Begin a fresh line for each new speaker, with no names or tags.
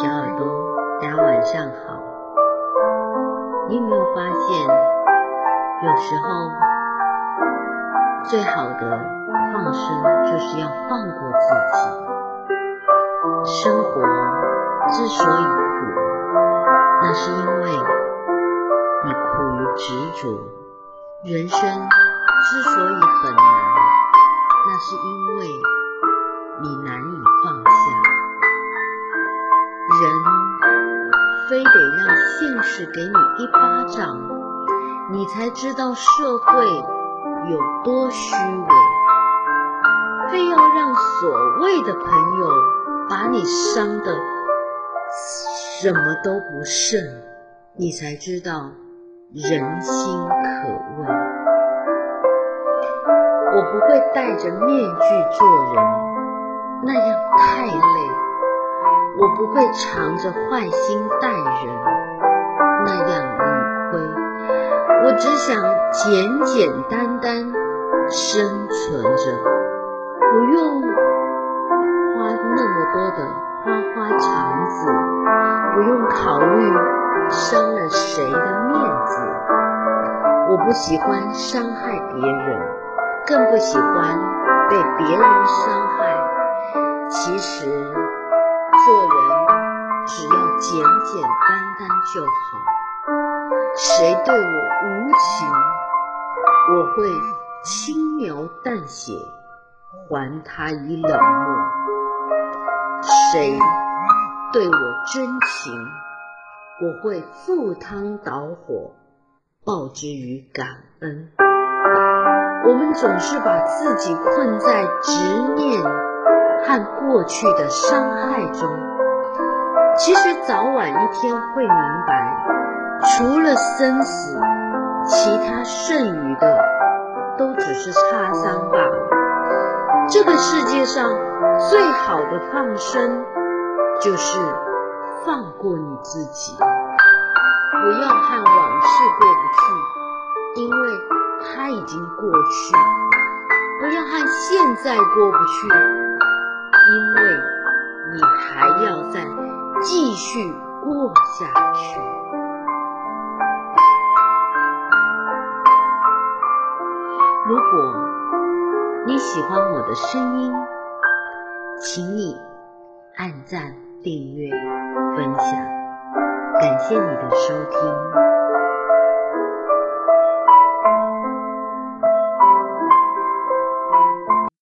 小耳朵，大家晚上好。你有沒有發現，有時候最好的放生就是要放過自己。生活啊，之所以苦，那是因為你苦於執着；人生之所以很難，那是因為你難以放下。人非得讓現實給你一巴掌，你才知道社會有多虛偽；非要讓所謂的朋友把你傷的什麼都不剩，你才知道人心可畏。我不會戴着面具做人。不會藏着壞心待人，那樣迂迴。我只想簡簡單單生存着，不用花那麼多的花花腸子，不用考慮傷了誰的面子。我不喜歡傷害別人，更不喜歡被別人傷害。其實做人。只要簡簡單單就好。誰對我無情，我會輕描淡寫，還他以冷漠；誰對我真情，我會赴湯蹈火，報之於感恩。我們總是把自己困在執念和過去的傷害中。其實早晚一天會明白，除了生死，其他剩餘的都只是擦傷罷了。這個世界上最好的放生，就是放過你自己，不要和往事過不去，因為它已經過去了；不要和現在過不去。繼續過下去。如果你喜歡我的聲音，請你按讚、訂閱、分享，感謝你的收聽。